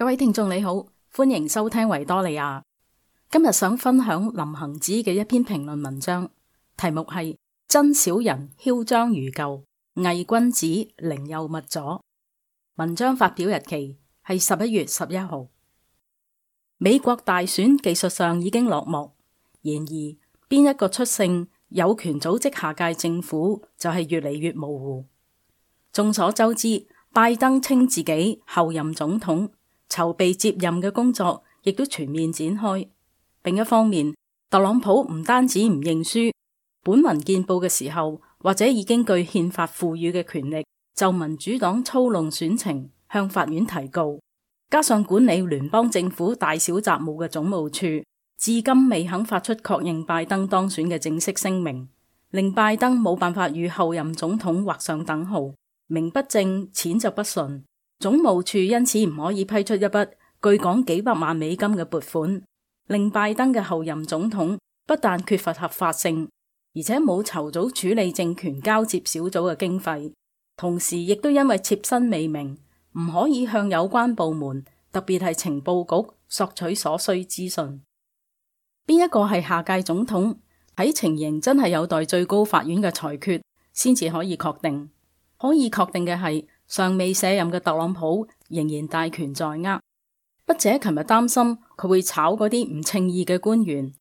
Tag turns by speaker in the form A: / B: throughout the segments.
A: 各位聽眾你好，歡迎收聽維多利亞。今日想分享林行止嘅一篇評論文章，題目係真小人囂張如舊，偽君子寧右勿左。文章發表日期係十一月十一號。美國大選技術上已經落幕，然而邊一個出勝有權組織下屆政府就係越嚟越模糊。眾所周知，拜登稱自己候任總統。籌備接任嘅工作亦都全面展開，另一方面，特朗普唔單止唔認輸，本文見報嘅時候或者已經據憲法賦予嘅權力，就民主黨操弄選情向法院提告。加上管理聯邦政府大小雜務嘅總務處，至今未肯發出確認拜登當選嘅正式聲明，令拜登冇辦法與後任總統畫上等號，名不正，錢就不順。總務處因此唔可以批出一筆據講幾百萬美金嘅撥款，令拜登嘅候任總統不但缺乏合法性，而且冇籌組處理政權交接小組嘅經費，同時亦都因為妾身未明，唔可以向有關部門，特別係情報局索取所需資訊。邊一個係下屆總統？喺情形真係有待最高法院嘅裁決先至可以確定。可以確定嘅係。尚未卸任嘅特朗普仍然大權在握，筆者琴日擔心佢會炒嗰啲唔稱意嘅官員，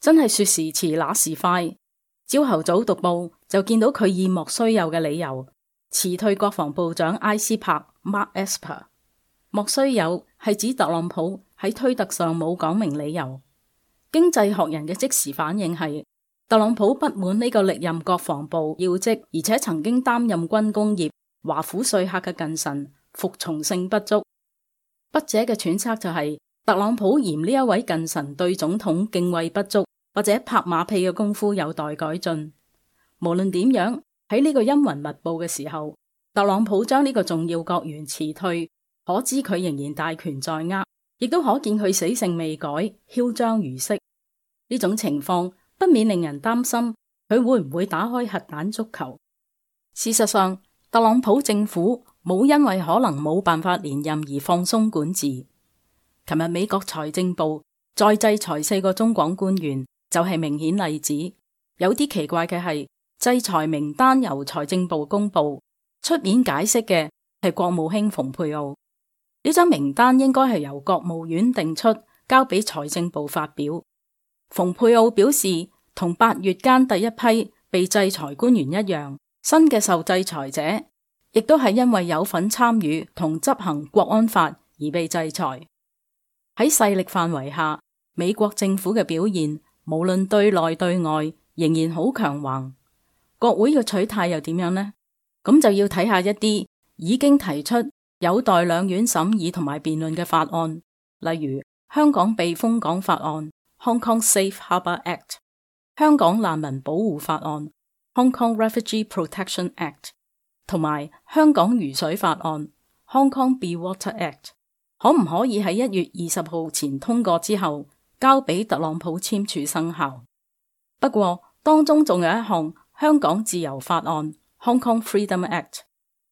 A: 真係說時遲那時快，朝後早讀報就見到佢以莫須有嘅理由辭退國防部長埃斯帕 m a r k e Esper）。莫須有係指特朗普喺推特上冇講明理由。《經濟學人》嘅即時反應係：特朗普不滿呢個歷任國防部要職，而且曾經擔任軍工業。華府稅客嘅近臣服從性不足，筆者嘅揣測就係特朗普嫌呢一位近臣對總統敬畏不足，或者拍馬屁嘅功夫有待改進。無論點樣，喺呢個陰雲密佈嘅時候，特朗普將呢個重要閣員辭退，可知佢仍然大權在握，亦都可見佢死性未改，囂張如昔。呢種情況不免令人擔心，佢會唔會打開核彈足球？事實上，特朗普政府冇因為可能冇辦法連任而放鬆管治。琴日美國財政部再制裁四個中港官員，就係、是、明顯例子。有啲奇怪嘅係，制裁名單由財政部公布，出面解釋嘅係國務卿蓬佩奧。呢張名單應該係由國務院定出，交俾財政部發表。蓬佩奧表示，同八月間第一批被制裁官員一樣。新嘅受制裁者，亦都係因為有份參與同執行國安法而被制裁。喺勢力範圍下，美國政府嘅表現，無論對內對外，仍然好強橫。國會嘅取態又點樣呢？咁就要睇下一啲已經提出有待兩院審議同埋辯論嘅法案，例如《香港避風港法案》（Hong Kong Safe Harbor Act）、《香港難民保護法案》。Hong Kong Refugee Protection Act 同埋《香港雨水法案》（Hong Kong Be Water Act） 可唔可以喺一月二十號前通過之後，交俾特朗普簽署生效？不過當中仲有一項《香港自由法案》（Hong Kong Freedom Act），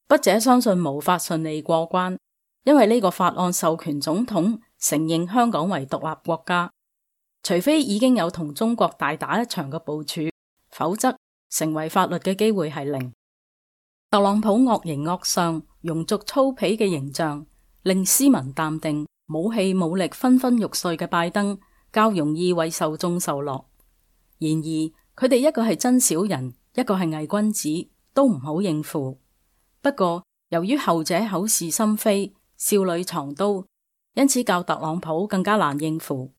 A: 筆者相信無法順利過關，因為呢個法案授權總統承認香港為獨立國家，除非已經有同中國大打一場嘅部署，否則，成為法律嘅機會係零。特朗普惡形惡相、庸俗粗鄙嘅形象，令斯文淡定、武器武力紛紛欲睡嘅拜登較容易為受眾受落。然而，佢哋一個係真小人，一個係偽君子，都唔好應付。不過，由於後者口是心非、少女藏刀，因此較特朗普更加難應付。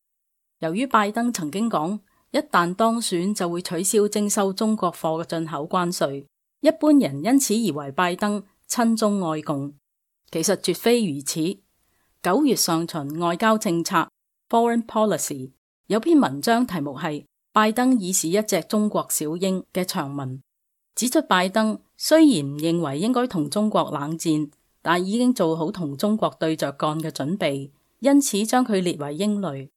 A: 由於拜登曾經講：一旦當選就會取消徵收中國貨嘅進口關稅，一般人因此以為拜登親中愛共，其實絕非如此。九月上旬外交政策 （Foreign Policy） 有篇文章，題目係《拜登已是一隻中國小鷹》嘅長文，指出拜登雖然唔認為應該同中國冷戰，但已經做好同中國對着幹嘅準備，因此將佢列為鷹類。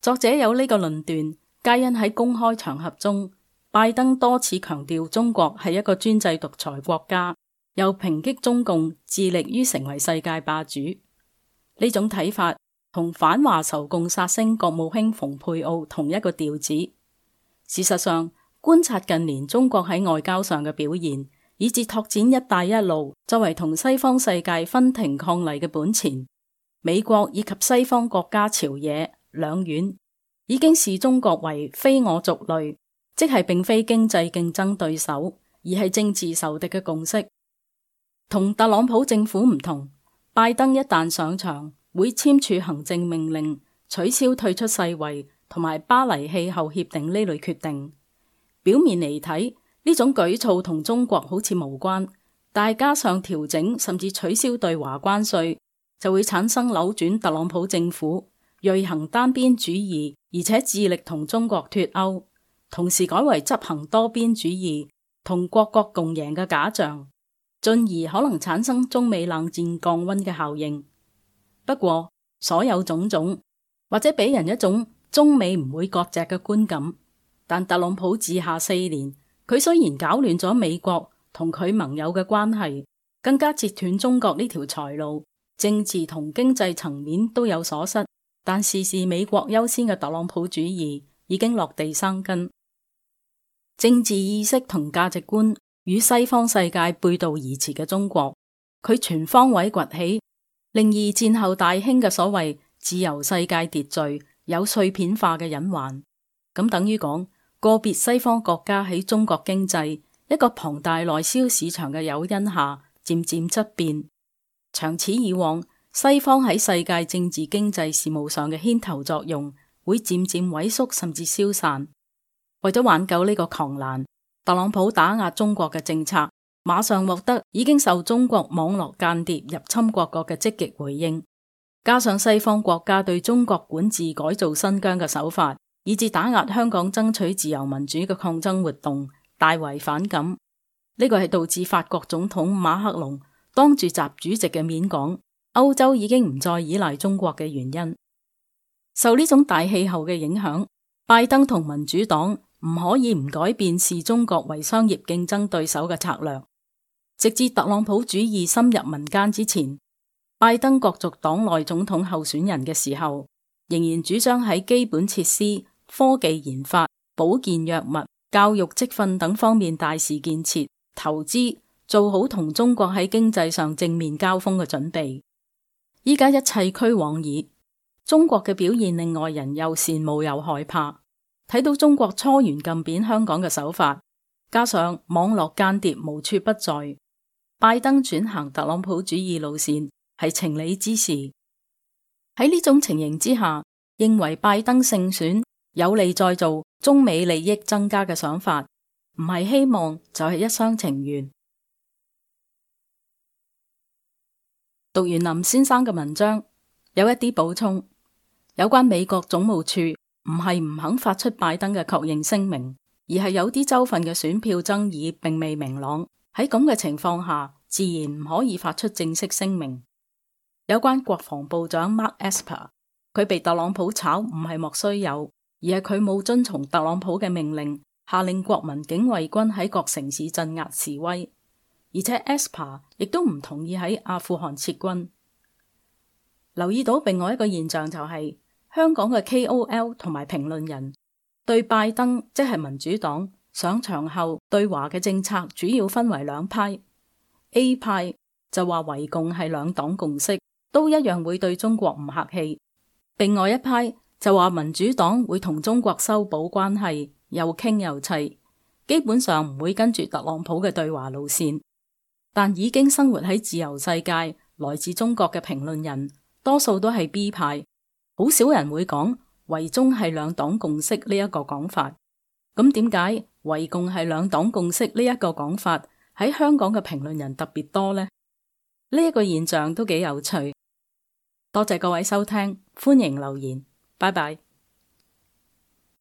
A: 作者有呢個論斷。皆因喺公開場合中，拜登多次強調中國係一個專制獨裁國家，又抨擊中共致力於成為世界霸主。呢種睇法同反華仇共殺星國務卿蓬佩奧同一個調子。事實上，觀察近年中國喺外交上嘅表現，以至拓展一帶一路作為同西方世界分庭抗禮嘅本錢，美國以及西方國家朝野兩院。已經視中國為非我族類，即係並非經濟競爭對手，而係政治仇敵嘅共識。同特朗普政府唔同，拜登一旦上場，會簽署行政命令，取消退出世衛同埋巴黎氣候協定呢類決定。表面嚟睇，呢種舉措同中國好似無關，但加上調整甚至取消對華關稅，就會產生扭轉特朗普政府。銳行單邊主義，而且致力同中國脫歐，同時改為執行多邊主義，同各國共贏嘅假象，進而可能產生中美冷戰降温嘅效應。不過，所有種種或者俾人一種中美唔會割席嘅觀感。但特朗普治下四年，佢雖然搞亂咗美國同佢盟友嘅關係，更加截斷中國呢條財路，政治同經濟層面都有所失。但事事美國優先嘅特朗普主義已經落地生根，政治意識同價值觀與西方世界背道而馳嘅中國，佢全方位崛起，令二戰後大興嘅所謂自由世界秩序有碎片化嘅隱患。咁等於講個別西方國家喺中國經濟一個龐大內銷市場嘅誘因下，漸漸質變，長此以往，西方喺世界政治經濟事務上嘅牽頭作用會漸漸萎縮，甚至消散。為咗挽救呢個狂瀾，特朗普打壓中國嘅政策馬上獲得已經受中國網絡間諜入侵各國嘅積極回應，加上西方國家對中國管治改造新疆嘅手法，以致打壓香港爭取自由民主嘅抗爭活動大為反感。呢個係導致法國總統馬克龍當住習主席嘅面講歐洲已經唔再依賴中國嘅原因，受呢種大氣候嘅影響，拜登同民主黨唔可以唔改變視中國為商業競爭對手嘅策略。直至特朗普主義深入民間之前，拜登角逐黨內總統候選人嘅時候，仍然主張喺基本設施、科技研發、保健藥物、教育積訓等方面大肆建設投資，做好同中國喺經濟上正面交鋒嘅準備。依家一切俱往矣，中國嘅表現令外人又羨慕又害怕。睇到中國搓圓捏扁香港嘅手法，加上網絡間諜無處不在，拜登轉行特朗普主義路線係情理之事。喺呢種情形之下，認為拜登勝選有利再造中美利益增加嘅想法，唔係希望就係一廂情願。讀完林先生嘅文章，有一啲補充，有關美國總務處唔係唔肯發出拜登嘅確認聲明，而係有啲州份嘅選票爭議並未明朗。喺咁嘅情況下，自然唔可以發出正式聲明。有關國防部長 Mark Esper，佢被特朗普炒唔係莫須有，而係佢冇遵從特朗普嘅命令，下令國民警衛軍喺各城市鎮壓示威。而且 Esper 亦都唔同意喺阿富汗撤軍。留意到另外一個現象就係、是、香港嘅 KOL 同埋評論人對拜登即係民主黨上場後對華嘅政策，主要分為兩派。A 派就話圍共係兩黨共識，都一樣會對中國唔客氣；另外一派就話民主黨會同中國修補關係，又傾又砌，基本上唔會跟住特朗普嘅對華路線。但已經生活喺自由世界，來自中國嘅評論人多數都係 B 派，好少人會講圍中係兩黨共識呢一個講法。咁點解圍共係兩黨共識呢一個講法喺香港嘅評論人特別多呢？呢一個現象都幾有趣。多謝各位收聽，歡迎留言，拜拜。